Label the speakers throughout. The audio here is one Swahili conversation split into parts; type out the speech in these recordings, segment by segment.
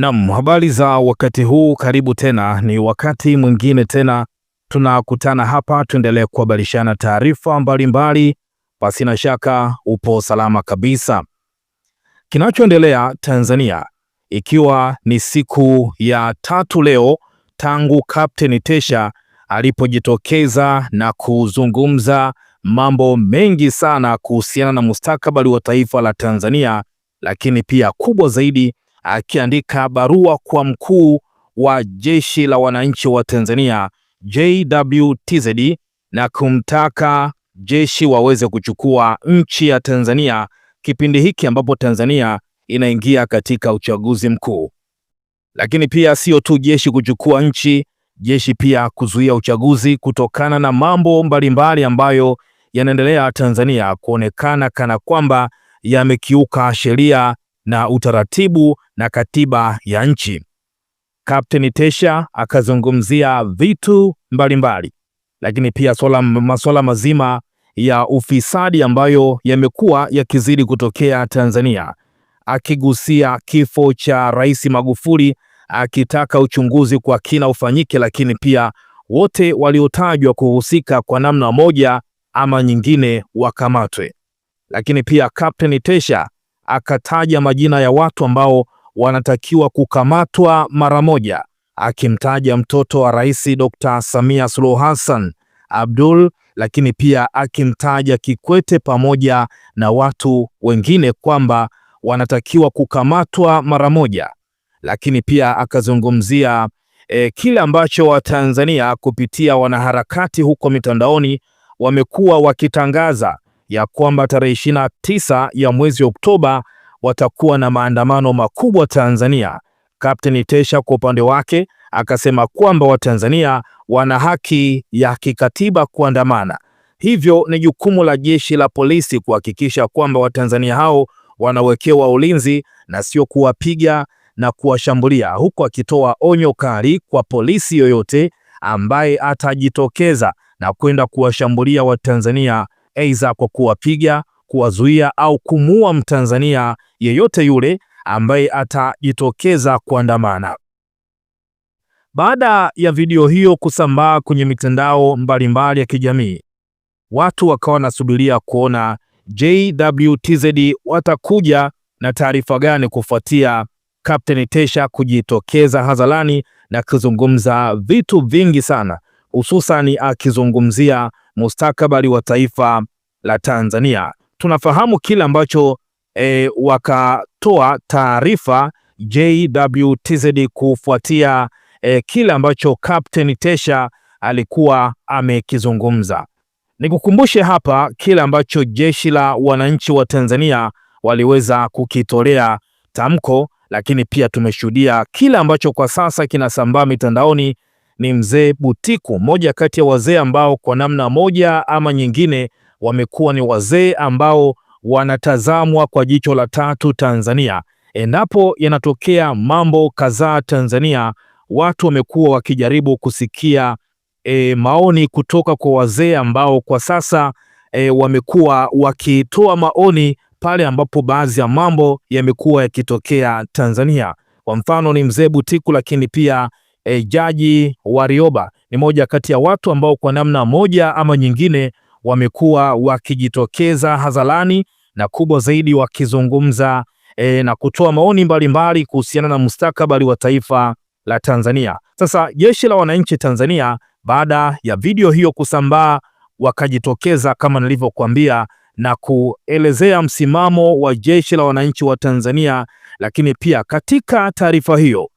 Speaker 1: Naam, habari za wakati huu, karibu tena. Ni wakati mwingine tena tunakutana hapa, tuendelee kuhabarishana taarifa mbalimbali. Basi na shaka upo salama kabisa. Kinachoendelea Tanzania, ikiwa ni siku ya tatu leo tangu Captain Tesha alipojitokeza na kuzungumza mambo mengi sana kuhusiana na mustakabali wa taifa la Tanzania, lakini pia kubwa zaidi akiandika barua kwa mkuu wa jeshi la wananchi wa Tanzania JWTZ na kumtaka jeshi waweze kuchukua nchi ya Tanzania kipindi hiki ambapo Tanzania inaingia katika uchaguzi mkuu. Lakini pia sio tu jeshi kuchukua nchi, jeshi pia kuzuia uchaguzi kutokana na mambo mbalimbali ambayo yanaendelea Tanzania, kuonekana kana kwamba yamekiuka sheria na utaratibu na katiba ya nchi. Kapteni Tesha akazungumzia vitu mbalimbali mbali, lakini pia swala masuala mazima ya ufisadi ambayo yamekuwa yakizidi kutokea Tanzania, akigusia kifo cha Rais Magufuli akitaka uchunguzi kwa kina ufanyike, lakini pia wote waliotajwa kuhusika kwa namna moja ama nyingine wakamatwe. Lakini pia Kapteni Tesha akataja majina ya watu ambao wanatakiwa kukamatwa mara moja, akimtaja mtoto wa Rais Dkt. Samia Suluhu Hassan Abdul, lakini pia akimtaja Kikwete pamoja na watu wengine kwamba wanatakiwa kukamatwa mara moja, lakini pia akazungumzia e, kile ambacho Watanzania kupitia wanaharakati huko mitandaoni wamekuwa wakitangaza ya kwamba tarehe 29 ya mwezi Oktoba watakuwa na maandamano makubwa Tanzania. Kapteni Tesha kwa upande wake akasema kwamba Watanzania wana haki ya kikatiba kuandamana, hivyo ni jukumu la jeshi la polisi kuhakikisha kwamba Watanzania hao wanawekewa ulinzi na sio kuwapiga na kuwashambulia, huku akitoa onyo kali kwa polisi yoyote ambaye atajitokeza na kwenda kuwashambulia Watanzania aidha kwa kuwapiga kuwazuia au kumuua Mtanzania yeyote yule ambaye atajitokeza kuandamana. Baada ya video hiyo kusambaa kwenye mitandao mbalimbali ya kijamii, watu wakawa wanasubiria kuona JWTZ watakuja na taarifa gani kufuatia Kapteni Tesha kujitokeza hadharani na kuzungumza vitu vingi sana, hususani akizungumzia mustakabali wa taifa la Tanzania tunafahamu kile ambacho e, wakatoa taarifa JWTZ kufuatia e, kile ambacho Captain Tesha alikuwa amekizungumza. Nikukumbushe hapa kile ambacho jeshi la wananchi wa Tanzania waliweza kukitolea tamko, lakini pia tumeshuhudia kile ambacho kwa sasa kinasambaa mitandaoni. Ni mzee Butiku, mmoja kati ya wazee ambao kwa namna moja ama nyingine wamekuwa ni wazee ambao wanatazamwa kwa jicho la tatu Tanzania. Endapo yanatokea mambo kadhaa Tanzania, watu wamekuwa wakijaribu kusikia e, maoni kutoka kwa wazee ambao kwa sasa e, wamekuwa wakitoa maoni pale ambapo baadhi ya mambo yamekuwa yakitokea Tanzania. Kwa mfano ni mzee Butiku, lakini pia e, Jaji Warioba ni moja kati ya watu ambao kwa namna moja ama nyingine wamekuwa wakijitokeza hadharani na kubwa zaidi wakizungumza e, na kutoa maoni mbalimbali kuhusiana na mustakabali wa taifa la Tanzania. Sasa jeshi la wananchi Tanzania baada ya video hiyo kusambaa, wakajitokeza kama nilivyokuambia na kuelezea msimamo wa jeshi la wananchi wa Tanzania, lakini pia katika taarifa hiyo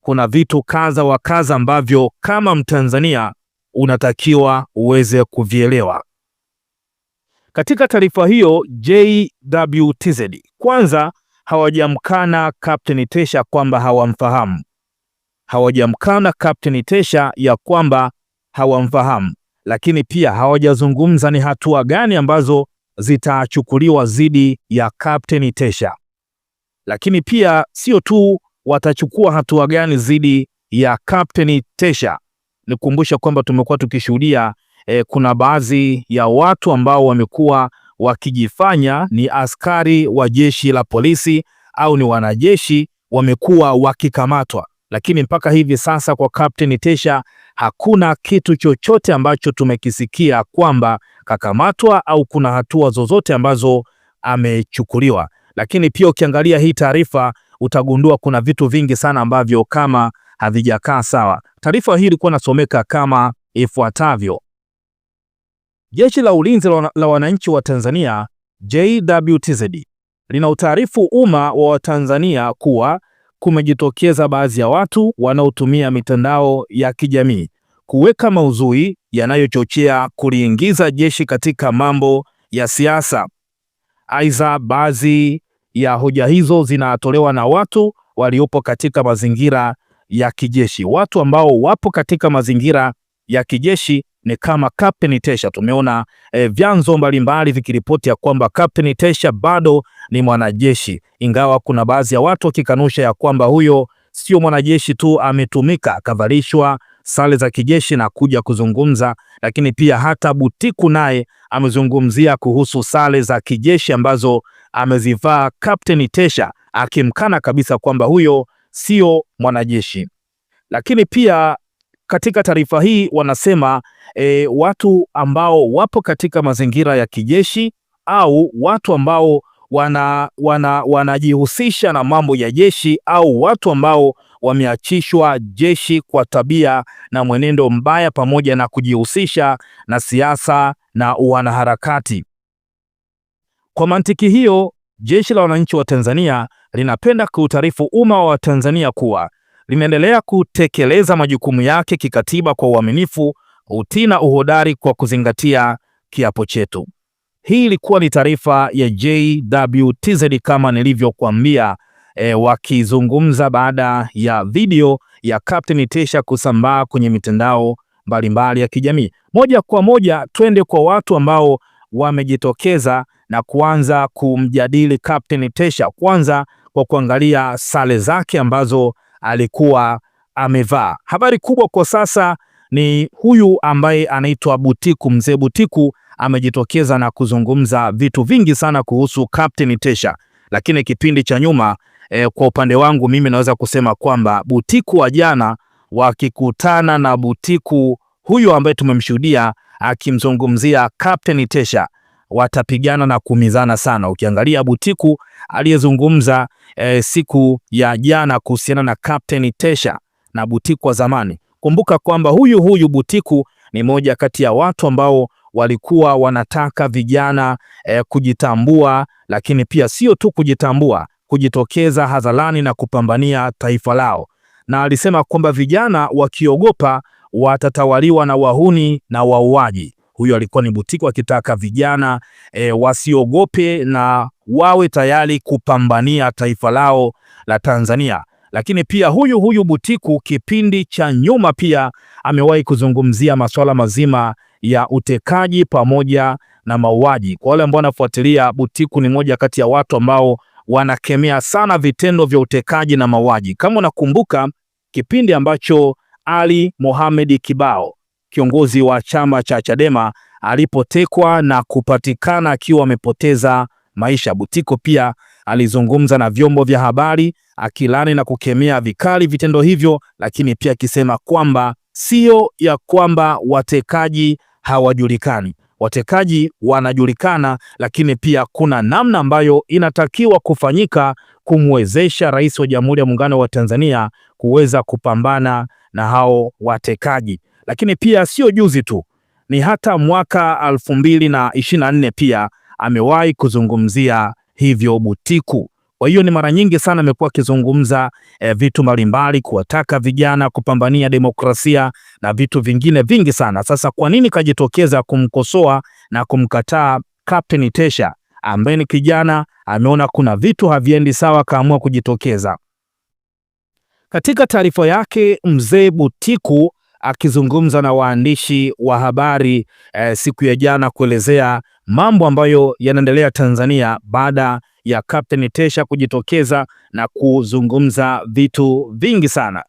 Speaker 1: kuna vitu kadha wa kadha ambavyo kama Mtanzania unatakiwa uweze kuvielewa. Katika taarifa hiyo JWTZ kwanza hawajamkana Captain Tesha kwamba hawamfahamu, hawajamkana Captain Tesha ya kwamba hawamfahamu, lakini pia hawajazungumza ni hatua gani ambazo zitachukuliwa dhidi ya Captain Tesha. Lakini pia sio tu watachukua hatua gani dhidi ya Captain Tesha, nikumbusha kwamba tumekuwa tukishuhudia e, kuna baadhi ya watu ambao wamekuwa wakijifanya ni askari wa jeshi la polisi au ni wanajeshi wamekuwa wakikamatwa, lakini mpaka hivi sasa kwa Captain Tesha hakuna kitu chochote ambacho tumekisikia kwamba kakamatwa au kuna hatua zozote ambazo amechukuliwa. Lakini pia ukiangalia hii taarifa utagundua kuna vitu vingi sana ambavyo kama havijakaa sawa. Taarifa hii ilikuwa inasomeka kama ifuatavyo: Jeshi la Ulinzi la Wananchi wa Tanzania JWTZ lina utaarifu umma wa Watanzania kuwa kumejitokeza baadhi ya watu wanaotumia mitandao ya kijamii kuweka maudhui yanayochochea kuliingiza jeshi katika mambo ya siasa. Aidha, baadhi ya hoja hizo zinatolewa na watu waliopo katika mazingira ya kijeshi. Watu ambao wapo katika mazingira ya kijeshi ni kama Captain Tesha. Tumeona eh, vyanzo mbalimbali vikiripoti ya kwamba Captain Tesha bado ni mwanajeshi, ingawa kuna baadhi ya watu wakikanusha ya kwamba huyo sio mwanajeshi tu, ametumika akavalishwa sare za kijeshi na kuja kuzungumza. Lakini pia hata Butiku naye amezungumzia kuhusu sare za kijeshi ambazo amezivaa Captain Tesha, akimkana kabisa kwamba huyo sio mwanajeshi. Lakini pia katika taarifa hii wanasema e, watu ambao wapo katika mazingira ya kijeshi au watu ambao wanajihusisha wana, wanajihusisha na mambo ya jeshi au watu ambao wameachishwa jeshi kwa tabia na mwenendo mbaya pamoja na kujihusisha na siasa na wanaharakati. Kwa mantiki hiyo, Jeshi la Wananchi wa Tanzania linapenda kuutaarifu umma wa Tanzania kuwa linaendelea kutekeleza majukumu yake kikatiba kwa uaminifu, utii na uhodari kwa kuzingatia kiapo chetu. Hii ilikuwa ni taarifa ya JWTZ kama nilivyokuambia, e, wakizungumza baada ya video ya Captain Tesha kusambaa kwenye mitandao mbalimbali ya kijamii. Moja kwa moja twende kwa watu ambao wamejitokeza na kuanza kumjadili Captain Tesha, kwanza kwa kuangalia sare zake ambazo alikuwa amevaa. Habari kubwa kwa sasa ni huyu ambaye anaitwa Butiku. Mzee Butiku amejitokeza na kuzungumza vitu vingi sana kuhusu Captain Tesha, lakini kipindi cha nyuma e, kwa upande wangu mimi naweza kusema kwamba Butiku wa jana wakikutana na Butiku huyu ambaye tumemshuhudia akimzungumzia Captain Tesha watapigana na kuumizana sana. Ukiangalia Butiku aliyezungumza e, siku ya jana kuhusiana na Captain Tesha na Butiku wa zamani. Kumbuka kwamba huyu huyu Butiku ni moja kati ya watu ambao walikuwa wanataka vijana e, kujitambua, lakini pia sio tu kujitambua, kujitokeza hadharani na kupambania taifa lao, na alisema kwamba vijana wakiogopa watatawaliwa na wahuni na wauaji. Huyo alikuwa ni Butiku akitaka vijana e, wasiogope na wawe tayari kupambania taifa lao la Tanzania. Lakini pia huyu huyu Butiku kipindi cha nyuma pia amewahi kuzungumzia masuala mazima ya utekaji pamoja na mauaji. Kwa wale ambao wanafuatilia, Butiku ni moja kati ya watu ambao wanakemea sana vitendo vya utekaji na mauaji. Kama unakumbuka kipindi ambacho Ali Mohamed Kibao, kiongozi wa chama cha Chadema, alipotekwa na kupatikana akiwa amepoteza maisha. Butiko pia alizungumza na vyombo vya habari akilani na kukemea vikali vitendo hivyo, lakini pia akisema kwamba sio ya kwamba watekaji hawajulikani. Watekaji wanajulikana, lakini pia kuna namna ambayo inatakiwa kufanyika kumwezesha Rais wa Jamhuri ya Muungano wa Tanzania kuweza kupambana na hao watekaji. Lakini pia sio juzi tu, ni hata mwaka 2024 pia amewahi kuzungumzia hivyo Butiku. Kwa hiyo ni mara nyingi sana amekuwa akizungumza e, vitu mbalimbali kuwataka vijana kupambania demokrasia na vitu vingine vingi sana. Sasa kwa nini kajitokeza kumkosoa na kumkataa Captain Tesha ambaye ni kijana ameona kuna vitu haviendi sawa, kaamua kujitokeza. Katika taarifa yake, mzee Butiku akizungumza na waandishi wa habari e, siku ya jana kuelezea mambo ambayo yanaendelea Tanzania baada ya Captain Tesha kujitokeza na kuzungumza vitu vingi sana.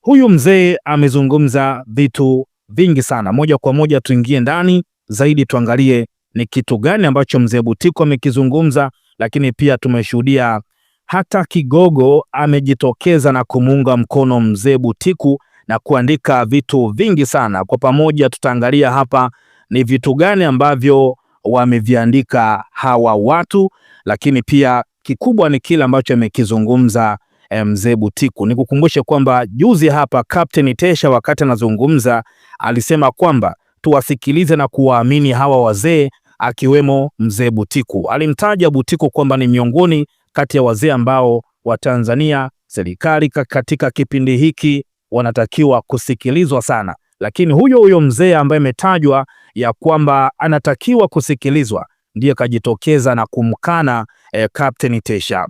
Speaker 1: Huyu mzee amezungumza vitu vingi sana. Moja kwa moja tuingie ndani zaidi, tuangalie ni kitu gani ambacho mzee Butiko amekizungumza, lakini pia tumeshuhudia hata Kigogo amejitokeza na kumuunga mkono mzee Butiku na kuandika vitu vingi sana. Kwa pamoja tutaangalia hapa ni vitu gani ambavyo wameviandika hawa watu, lakini pia kikubwa ni kile ambacho amekizungumza eh, mzee Butiku. Nikukumbushe kwamba juzi hapa Captain Tesha wakati anazungumza alisema kwamba tuwasikilize na kuwaamini hawa wazee, akiwemo mzee Butiku. Alimtaja Butiku kwamba ni miongoni kati ya wazee ambao Watanzania, serikali katika kipindi hiki wanatakiwa kusikilizwa sana, lakini huyo huyo mzee ambaye ametajwa ya kwamba anatakiwa kusikilizwa, ndiye akajitokeza na kumkana eh, Captain Tesha.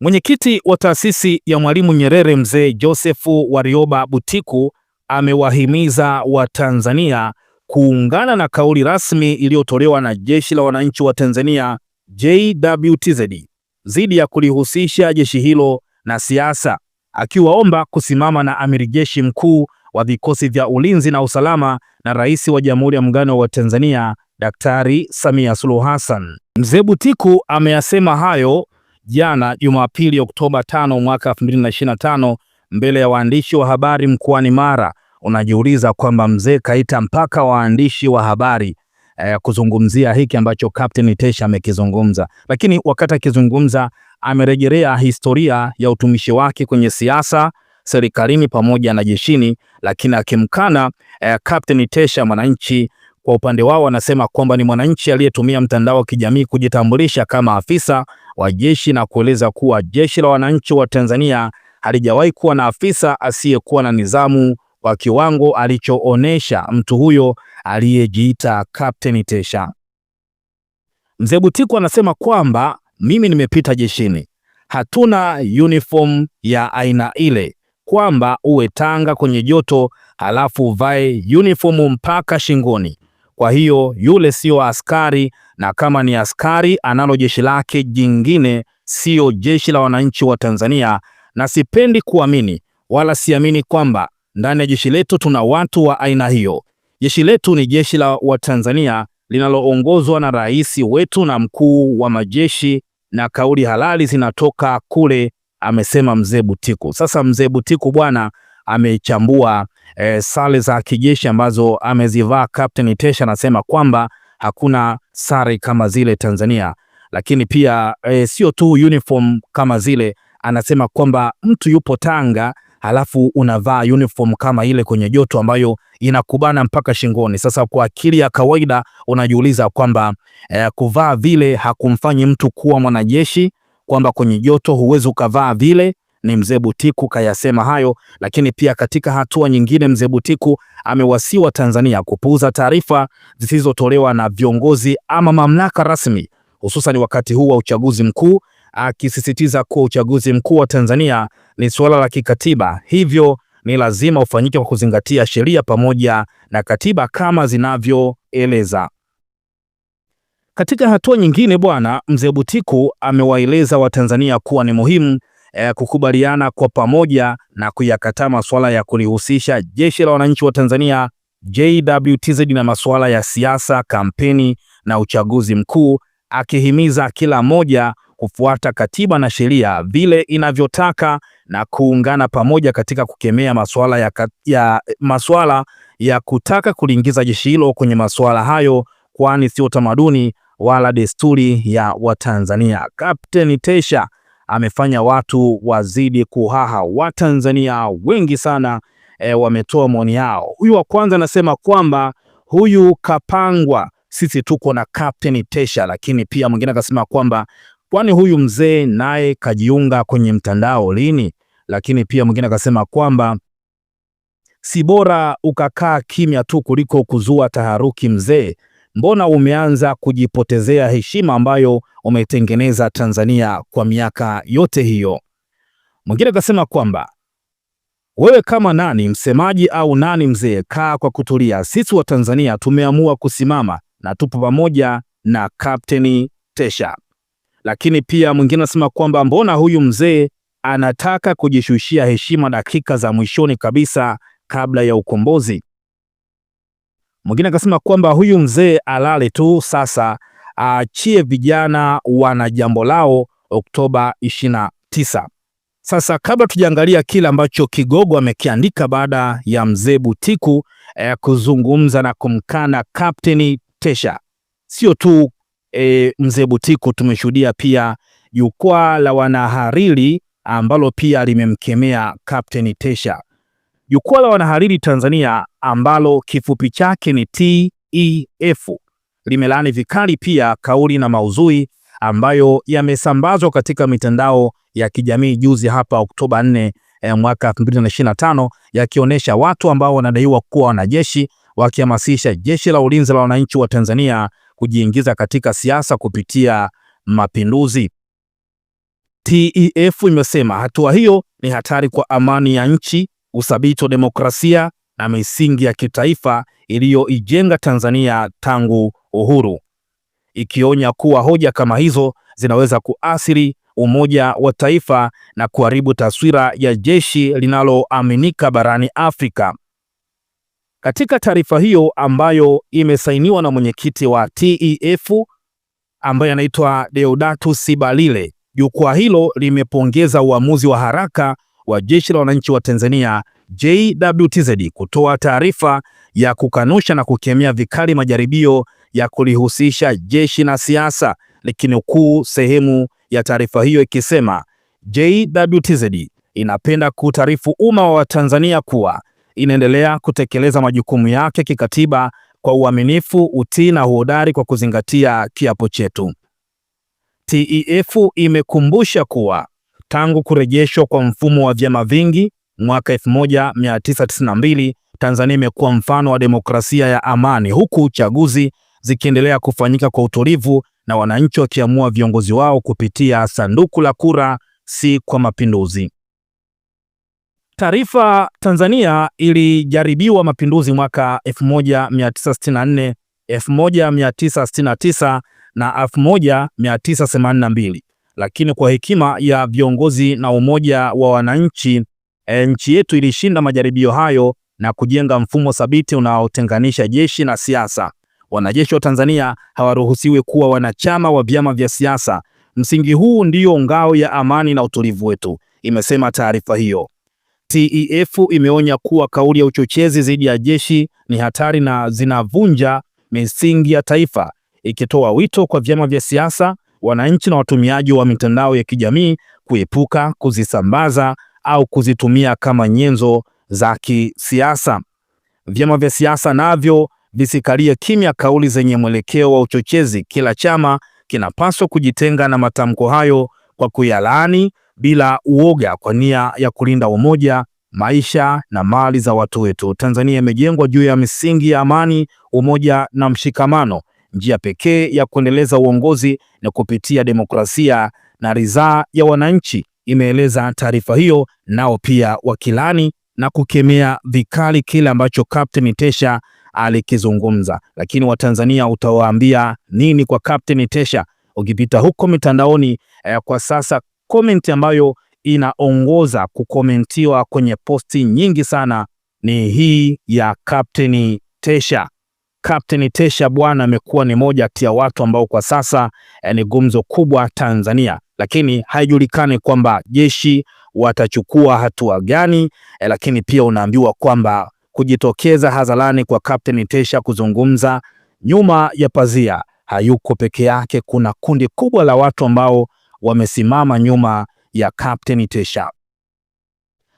Speaker 1: Mwenyekiti wa taasisi ya Mwalimu Nyerere Mzee Josefu Warioba Butiku amewahimiza Watanzania kuungana na kauli rasmi iliyotolewa na Jeshi la Wananchi wa Tanzania JWTZ dhidi ya kulihusisha jeshi hilo na siasa, akiwaomba kusimama na amiri jeshi mkuu wa vikosi vya ulinzi na usalama na rais wa Jamhuri ya Muungano wa Tanzania Daktari Samia Suluhu Hassan. Mzee Butiku ameyasema hayo jana Jumapili Oktoba 5 mwaka 2025 mbele ya waandishi wa habari mkoani Mara. Unajiuliza kwamba mzee kaita mpaka waandishi wa habari eh, kuzungumzia hiki ambacho Captain Tesha amekizungumza, lakini wakati akizungumza amerejelea historia ya utumishi wake kwenye siasa serikalini pamoja na jeshini, lakini akimkana eh, Captain Tesha. Mwananchi kwa upande wao wanasema kwamba ni mwananchi aliyetumia mtandao wa kijamii kujitambulisha kama afisa wa jeshi na kueleza kuwa jeshi la wananchi wa Tanzania halijawahi kuwa na afisa asiyekuwa na nidhamu kwa kiwango alichoonesha mtu huyo aliyejiita Captain Tesha. Mzee Butiku anasema kwamba mimi nimepita jeshini, hatuna uniform ya aina ile, kwamba uwe Tanga kwenye joto halafu uvae uniform mpaka shingoni. Kwa hiyo yule siyo askari, na kama ni askari analo jeshi lake jingine, siyo jeshi la wananchi wa Tanzania. Na sipendi kuamini wala siamini kwamba ndani ya jeshi letu tuna watu wa aina hiyo. Jeshi letu ni jeshi la Watanzania linaloongozwa na rais wetu na mkuu wa majeshi, na kauli halali zinatoka kule amesema mzee Butiku. Sasa mzee Butiku bwana amechambua e, sare za kijeshi ambazo amezivaa Captain Tesha, anasema kwamba hakuna sare kama zile Tanzania, lakini pia e, sio tu uniform kama zile. Anasema kwamba mtu yupo Tanga halafu unavaa uniform kama ile kwenye joto ambayo inakubana mpaka shingoni. Sasa kwa akili ya kawaida unajiuliza kwamba e, kuvaa vile hakumfanyi mtu kuwa mwanajeshi kwamba kwenye joto huwezi ukavaa vile. Ni Mzee Butiku kayasema hayo, lakini pia katika hatua nyingine, Mzee Butiku amewasiwa Tanzania kupuuza taarifa zisizotolewa na viongozi ama mamlaka rasmi, hususan wakati huu wa uchaguzi mkuu, akisisitiza kuwa uchaguzi mkuu wa Tanzania ni suala la kikatiba, hivyo ni lazima ufanyike kwa kuzingatia sheria pamoja na katiba kama zinavyoeleza. Katika hatua nyingine, bwana mzee Butiku amewaeleza Watanzania kuwa ni muhimu eh, kukubaliana kwa pamoja na kuyakataa masuala ya kulihusisha jeshi la wananchi wa Tanzania JWTZ na masuala ya siasa, kampeni na uchaguzi mkuu, akihimiza kila mmoja kufuata katiba na sheria vile inavyotaka na kuungana pamoja katika kukemea masuala ya, ya, masuala ya kutaka kuliingiza jeshi hilo kwenye masuala hayo, kwani sio tamaduni wala desturi ya Watanzania. Captain Tesha amefanya watu wazidi kuhaha. Watanzania wengi sana e, wametoa maoni yao. Huyu wa kwanza anasema kwamba huyu kapangwa, sisi tuko na Captain Tesha. Lakini pia mwingine akasema kwamba kwani huyu mzee naye kajiunga kwenye mtandao lini? Lakini pia mwingine akasema kwamba si bora ukakaa kimya tu kuliko kuzua taharuki mzee mbona umeanza kujipotezea heshima ambayo umetengeneza Tanzania kwa miaka yote hiyo? Mwingine akasema kwamba wewe kama nani msemaji au nani mzee, kaa kwa kutulia. Sisi wa Tanzania tumeamua kusimama na tupo pamoja na Kapteni Tesha. Lakini pia mwingine anasema kwamba mbona huyu mzee anataka kujishushia heshima dakika za mwishoni kabisa kabla ya ukombozi? Mwingine akasema kwamba huyu mzee alale tu sasa, aachie vijana wana jambo lao Oktoba 29. Sasa kabla tujaangalia kile ambacho Kigogo amekiandika baada ya mzee Butiku eh, kuzungumza na kumkana Kapteni Tesha, sio tu eh, mzee Butiku, tumeshuhudia pia jukwaa la wanahariri ambalo pia limemkemea Kapteni Tesha. Jukwaa la Wanahariri Tanzania ambalo kifupi chake ni TEF limelaani vikali pia kauli na mauzui ambayo yamesambazwa katika mitandao ya kijamii juzi hapa Oktoba 4 eh, mwaka 2025 yakionyesha watu ambao wanadaiwa kuwa wanajeshi wakihamasisha Jeshi la Ulinzi la Wananchi wa Tanzania kujiingiza katika siasa kupitia mapinduzi. TEF imesema hatua hiyo ni hatari kwa amani ya nchi uthabiti wa demokrasia na misingi ya kitaifa iliyoijenga Tanzania tangu uhuru, ikionya kuwa hoja kama hizo zinaweza kuathiri umoja wa taifa na kuharibu taswira ya jeshi linaloaminika barani Afrika. Katika taarifa hiyo ambayo imesainiwa na mwenyekiti wa TEF ambaye anaitwa Deodatus Sibalile, jukwaa hilo limepongeza uamuzi wa haraka wa Jeshi la Wananchi wa Tanzania JWTZ kutoa taarifa ya kukanusha na kukemea vikali majaribio ya kulihusisha jeshi na siasa, likinukuu sehemu ya taarifa hiyo ikisema, JWTZ inapenda kutaarifu umma wa Watanzania kuwa inaendelea kutekeleza majukumu yake kikatiba kwa uaminifu, utii na uhodari kwa kuzingatia kiapo chetu. TEF imekumbusha kuwa Tangu kurejeshwa kwa mfumo wa vyama vingi mwaka 1992, Tanzania imekuwa mfano wa demokrasia ya amani, huku chaguzi zikiendelea kufanyika kwa utulivu na wananchi wakiamua viongozi wao kupitia sanduku la kura, si kwa mapinduzi. Taarifa Tanzania ilijaribiwa mapinduzi mwaka 1964, 1969 na 1982 lakini kwa hekima ya viongozi na umoja wa wananchi e, nchi yetu ilishinda majaribio hayo na kujenga mfumo thabiti unaotenganisha jeshi na siasa. Wanajeshi wa Tanzania hawaruhusiwi kuwa wanachama wa vyama vya siasa. Msingi huu ndiyo ngao ya amani na utulivu wetu, imesema taarifa hiyo. TEF imeonya kuwa kauli ya uchochezi dhidi ya jeshi ni hatari na zinavunja misingi ya taifa, ikitoa wito kwa vyama vya siasa wananchi na watumiaji wa mitandao ya kijamii kuepuka kuzisambaza au kuzitumia kama nyenzo za kisiasa. Vyama vya siasa navyo visikalie kimya kauli zenye mwelekeo wa uchochezi. Kila chama kinapaswa kujitenga na matamko hayo kwa kuyalaani bila uoga, kwa nia ya kulinda umoja, maisha na mali za watu wetu. Tanzania imejengwa juu ya misingi ya amani, umoja na mshikamano. Njia pekee ya kuendeleza uongozi ni kupitia demokrasia na ridhaa ya wananchi, imeeleza taarifa hiyo. Nao pia wakilani na kukemea vikali kile ambacho Captain Tesha alikizungumza. Lakini Watanzania utawaambia nini kwa Captain Tesha? Ukipita huko mitandaoni eh, kwa sasa komenti ambayo inaongoza kukomentiwa kwenye posti nyingi sana ni hii ya Captain Tesha. Captain Tesha bwana amekuwa ni moja kati ya watu ambao kwa sasa eh, ni gumzo kubwa Tanzania, lakini haijulikani kwamba jeshi watachukua hatua gani eh, lakini pia unaambiwa kwamba kujitokeza hadharani kwa Captain Tesha kuzungumza nyuma ya pazia, hayuko peke yake. Kuna kundi kubwa la watu ambao wamesimama nyuma ya Captain Tesha.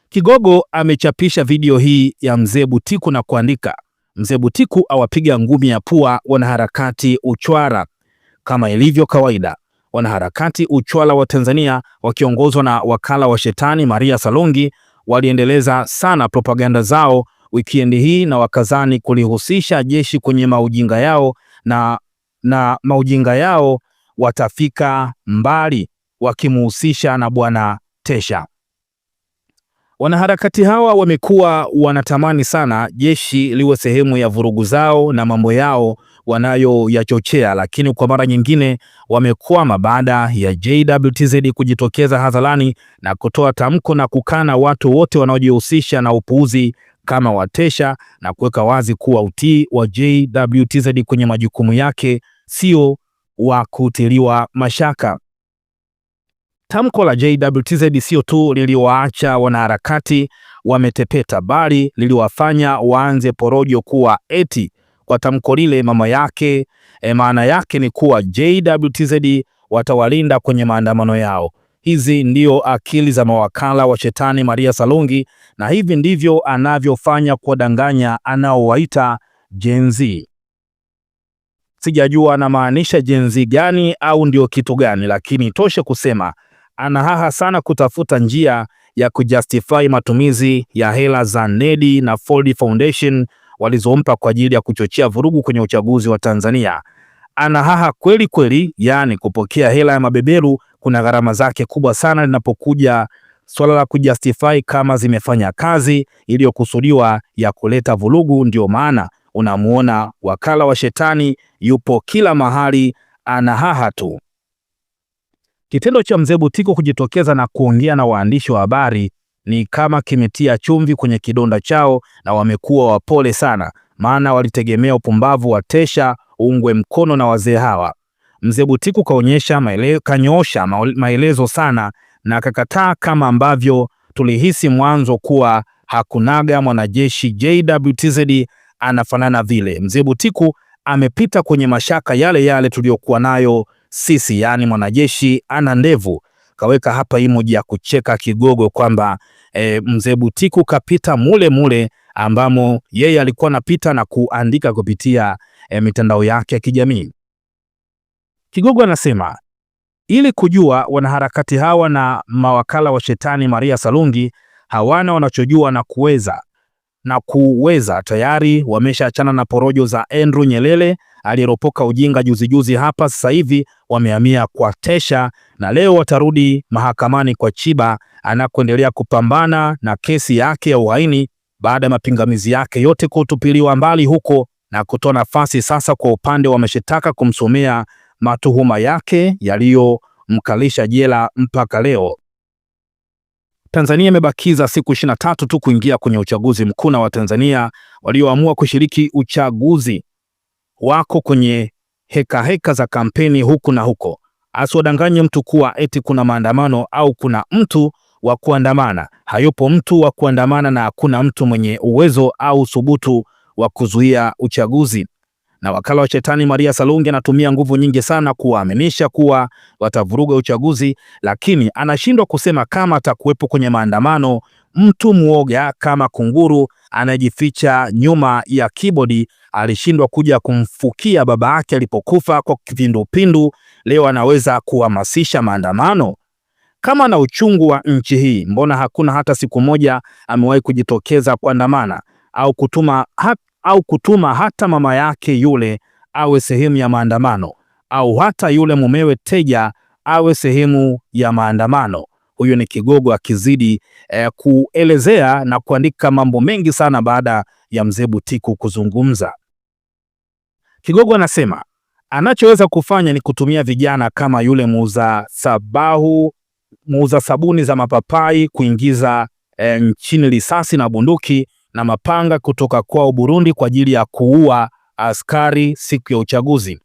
Speaker 1: Kigogo amechapisha video hii ya mzee Butiku na kuandika Mzee Butiku awapiga ngumi ya pua wanaharakati Uchwara. Kama ilivyo kawaida, wanaharakati Uchwara wa Tanzania wakiongozwa na wakala wa shetani Maria Salongi waliendeleza sana propaganda zao wikiendi hii na wakazani kulihusisha jeshi kwenye maujinga yao na, na maujinga yao watafika mbali wakimuhusisha na Bwana Tesha. Wanaharakati hawa wamekuwa wanatamani sana jeshi liwe sehemu ya vurugu zao na mambo yao wanayoyachochea, lakini kwa mara nyingine wamekwama baada ya JWTZ kujitokeza hadharani na kutoa tamko na kukana watu wote wanaojihusisha na upuuzi kama watesha na kuweka wazi kuwa utii wa JWTZ kwenye majukumu yake sio wa kutiliwa mashaka. Tamko la JWTZ sio tu liliwaacha wanaharakati wametepeta, bali liliwafanya waanze porojo kuwa eti kwa tamko lile mama yake e, maana yake ni kuwa JWTZ watawalinda kwenye maandamano yao. Hizi ndio akili za mawakala wa Shetani Maria Salungi, na hivi ndivyo anavyofanya kuwadanganya anaowaita Gen Z. Sijajua anamaanisha Gen Z gani au ndio kitu gani, lakini toshe kusema ana haha sana kutafuta njia ya kujustify matumizi ya hela za Nedi na Ford Foundation walizompa kwa ajili ya kuchochea vurugu kwenye uchaguzi wa Tanzania. Ana haha kweli kweli, yaani kupokea hela ya mabeberu kuna gharama zake kubwa sana linapokuja swala la kujustify kama zimefanya kazi iliyokusudiwa ya kuleta vurugu. Ndio maana unamuona wakala wa shetani yupo kila mahali, ana haha tu. Kitendo cha mzee Butiko kujitokeza na kuongea na waandishi wa habari ni kama kimetia chumvi kwenye kidonda chao, na wamekuwa wapole sana, maana walitegemea upumbavu wa Tesha ungwe mkono na wazee hawa. Mzee Butiku kaonyesha maelezo, kanyoosha maelezo sana na akakataa, kama ambavyo tulihisi mwanzo kuwa hakunaga mwanajeshi JWTZ anafanana vile. Mzee Butiku amepita kwenye mashaka yale yale tuliyokuwa nayo sisi, yaani mwanajeshi ana ndevu. Kaweka hapa emoji ya kucheka kigogo kwamba e, mzee Butiku kapita mule mule ambamo yeye alikuwa anapita na kuandika kupitia e, mitandao yake ya kijamii. Kigogo anasema ili kujua wanaharakati hawa na mawakala wa shetani Maria salungi hawana wanachojua na kuweza na kuweza tayari wameshaachana na porojo za Andrew Nyelele aliyeropoka ujinga juzijuzi juzi hapa. Sasa hivi wamehamia kwa Tesha na leo watarudi mahakamani kwa Chiba anakoendelea kupambana na kesi yake ya uhaini baada ya mapingamizi yake yote kutupiliwa mbali huko na kutoa nafasi sasa kwa upande wa mashitaka kumsomea matuhuma yake yaliyomkalisha jela mpaka leo. Tanzania imebakiza siku 23 tu kuingia kwenye uchaguzi mkuu, na Watanzania walioamua kushiriki uchaguzi wako kwenye heka heka za kampeni huku na huko. Asiwadanganye mtu kuwa eti kuna maandamano au kuna mtu wa kuandamana. Hayupo mtu wa kuandamana na hakuna mtu mwenye uwezo au thubutu wa kuzuia uchaguzi. Na wakala wa shetani Maria Salungi anatumia nguvu nyingi sana kuwaaminisha kuwa watavuruga uchaguzi, lakini anashindwa kusema kama atakuwepo kwenye maandamano. Mtu mwoga kama kunguru anayejificha nyuma ya kibodi alishindwa kuja kumfukia baba yake alipokufa kwa kipindupindu, leo anaweza kuhamasisha maandamano? Kama na uchungu wa nchi hii, mbona hakuna hata siku moja amewahi kujitokeza kuandamana au kutuma, ha, au kutuma hata mama yake yule awe sehemu ya maandamano au hata yule mumewe Teja awe sehemu ya maandamano? Huyo ni Kigogo akizidi eh, kuelezea na kuandika mambo mengi sana baada ya mzee Butiku kuzungumza. Kigogo anasema anachoweza kufanya ni kutumia vijana kama yule muuza sabahu, muuza sabuni za mapapai kuingiza e, nchini risasi na bunduki na mapanga kutoka kwao Burundi kwa ajili ya kuua askari siku ya uchaguzi.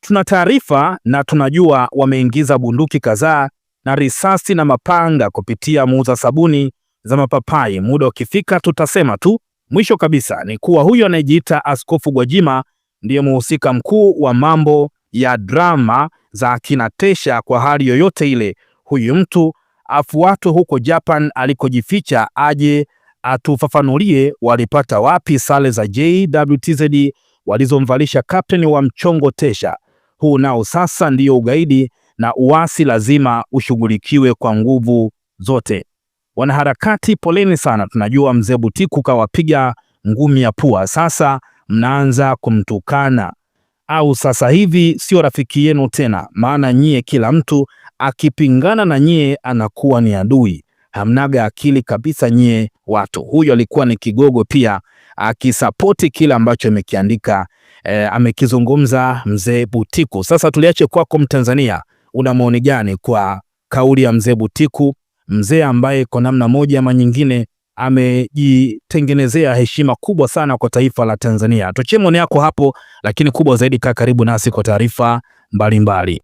Speaker 1: Tuna taarifa na tunajua wameingiza bunduki kadhaa na risasi na mapanga kupitia muuza sabuni za mapapai. Muda ukifika tutasema tu. Mwisho kabisa ni kuwa huyo anayejiita Askofu Gwajima ndiye mhusika mkuu wa mambo ya drama za akina Tesha. Kwa hali yoyote ile, huyu mtu afuatwe huko Japan alikojificha, aje atufafanulie walipata wapi sare za JWTZ walizomvalisha kapteni wa mchongo Tesha. Huu nao sasa ndiyo ugaidi na uasi, lazima ushughulikiwe kwa nguvu zote. Wanaharakati poleni sana, tunajua mzee Butiku kawapiga ngumi ya pua sasa mnaanza kumtukana, au sasa hivi sio rafiki yenu tena, maana nyie kila mtu akipingana na nyie anakuwa ni adui. Hamnaga akili kabisa nyie watu. Huyo alikuwa ni kigogo pia, akisapoti kile ambacho amekiandika e, amekizungumza mzee Butiku. Sasa tuliache kwako Mtanzania, una maoni gani kwa kauli ya mzee Butiku, mzee ambaye kwa namna moja ama nyingine amejitengenezea heshima kubwa sana kwa taifa la Tanzania. Tuachie maoni yako hapo, lakini kubwa zaidi, kaa karibu nasi kwa taarifa mbalimbali.